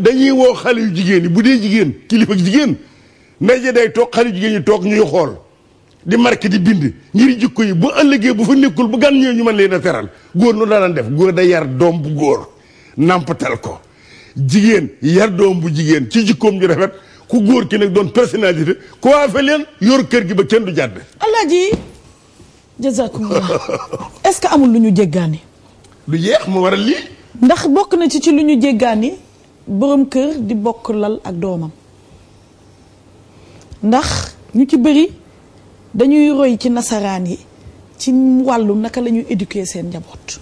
dañuy woo xale yu jigéen yi bu dee jigéen kilifa jigéen ndaje day toog xale yu jigéen ñi toog ñuy xool di marqué di bind ngir jikko yi bu ëllëgee bu fa nekkul bu gan ñëw ñu man leen a teral góor nu daan def góor da yar doom bu góor nampatal ko jigéen yar doom bu jigéen ci jikkoom ju rafet ku góor ki nag doon personnalité ku waa fe leen yor kër gi ba kenn du jàdd alaaji jazakumullah est-ce que amul lu ñu jéggaani lu yeex mu waral lii ndax bokk na ci ci lu ñu jéggaani boroom kër di bokk lal ak doomam ndax ñu ci bëri dañuy roy ci nasaraan yi ci wàllu naka lañuy ñuy seen njaboot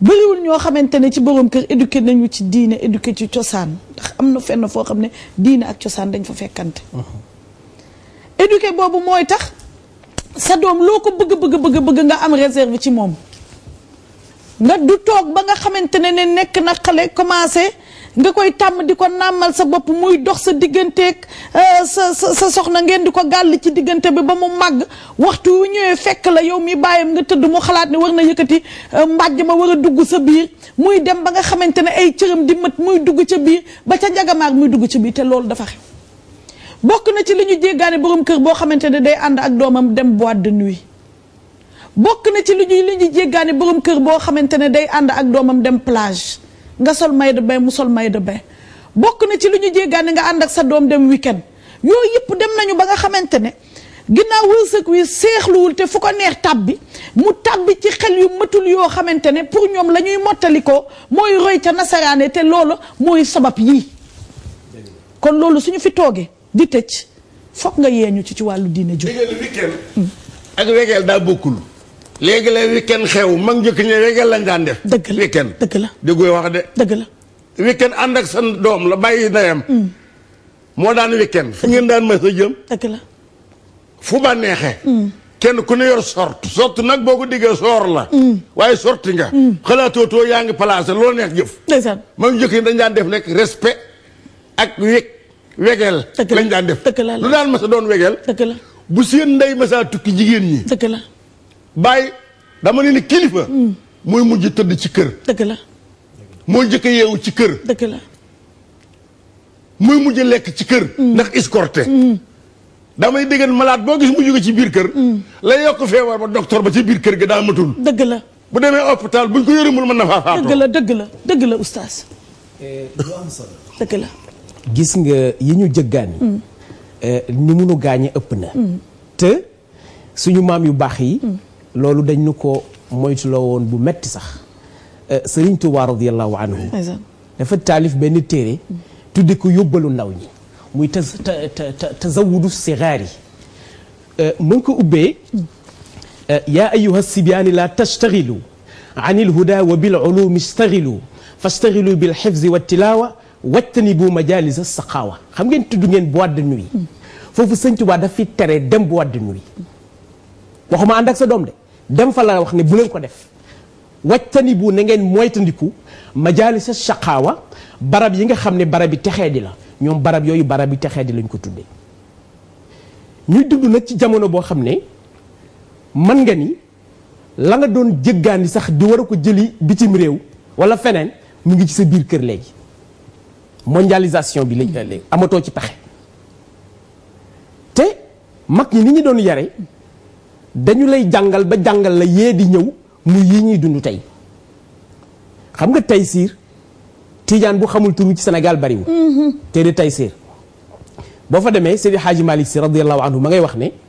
bëriwul ñoo xamante ne ci boroom kër éduquer nañu ci diine éduquer ci cosaan ndax am na fenn foo xam ne diine ak cosaan dañ fa fekkante uh-huh. éduquer boobu mooy tax sa doom loo ko bëgg bëgg bëgg bëgg nga am réserve ci moom nga du toog ba nga xamante ne ne nekk na xale commencé nga koy tàmm di ko nàmmal sa bopp muy dox sa digganteeg euh, sa sa soxna ngeen di ko gàll ci diggante bi ba mu màgg waxtu wu ñëwee fekk la yow mi bàyyam nga tëdd mu xalaat ne war na yëkkati euh, mbàjj ma war a dugg sa biir muy dem ba nga xamante ne ay cëram di mët muy dugg ca biir ba ca njagamaar muy dugg ca biir te loolu dafa xew bokk na ci li ñu jéggaane borom kër boo xamante ne day ànd ak doomam dem boîte de nuit bokk na ci lu ñuy li ñuy jéggaani borom kër boo xamante ne day ànd ak doomam dem plage nga sol may de mu sol may de bokk na ci lu ñu jéggaani nga ànd ak sa doom dem weekend yooyu yëpp dem nañu ba nga xamante ne ginnaaw wërsëg wi seexluwul te fu ko neex tàbbi mu tàbbi ci xel yu matul yoo xamante ne pour ñoom la ñuy mottalikoo mooy roy ca nasaraane te loolu mooy sabab yi kon loolu suñu fi toogee di tëj foog nga yee ñu ci ci wàllu diine ju ak wegeel daa bokkul léegi la weekend xew mag njëkk ña weekend lañ daan def. dëgg la weekend dëgg la dëgguy wax de. dëgg la weekend ànd ak sa doom la bàyyi ndeyam. Mm. moo daan weekend fu ngeen daan mës a jëm. dëgg la fu ba mm. kenn ku ne yor sort sorte nag boo ko diggee soor la. Mm. waaye sorti nga. xalaatoo too yaa ngi placé loo neex jëf. ndeysaan mag njëkk ñi dañ daan def rek respe ak week wegeel. lañ daan def dëgg la lu daan mës a doon wegeel. dëgg la bu seen ndey mës a tukki jigéen ñi. dëgg la. bàyyi dama ne ni kilifa. Hmm. mooy mujj tëdd ci kër. dëgg la. mooy njëkk a yeewu ci kër. dëgg la. muy mujj lekk ci kër. Hmm. ndax escorté. Hmm. damay dégg malade boo gis mu jóge ci biir kër. la yokk feewar ba docteur ba ci biir kër ga daa matul. dëgg la bu demee hôpital buñ ko yërëmul mën na faa faatoo. dëgg la dëgg la dëgg la oustaz. Eh, la. gis nga yi ñu jëggaani eh, ni munu gaañe ëpp na. te suñu maam yu baax yi. loolu dañ nu ko moytuloo woon bu metti sax euh, Serigne Touba radiyallahu anhu dafa taalif benn téere tudde ko yóbbalu ndaw ñi muy ta tazawudu sigaar yi euh, mu ngi ko ubbee euh, yaa ayuha sibiyaani la tastaxilu an ilhuda wa bil ulumi staxilu fastaxilu bil xifzi wa tilawa wajtanibu majalisa saqaawa xam ngeen tudd ngeen boîte de nuit foofu Sëñ Tuubaa daf tere dem boîte de nuit waxuma ànd ak sa doom de dem fa laa wax ne bu leen ko def wajtani bu na ngeen moytandiku majaalisa shaqaawa barab yi nga xam ne barab yi texee di la ñoom barab yooyu barab yi texee di lañ ko tuddee ñuy dund nag ci jamono boo xam ne man nga ni la nga doon jëggaani sax di war a ko jëli bitim réew wala feneen mu ngi ci sa biir kër léegi mondialisation bi léegi amatoo ci pexe te mag ñi ni ñu doon yare dañu lay jàngal ba jàngal la yee di ñëw mu yii ñuy dund tey xam nga Taysiir Tijaan bu xamul turu ci Sénégal bariwul. Mm-hmm. téere Taysiir boo fa demee Seydi Hadji Malick Sy radiyallahu anhu ma ngay wax ne.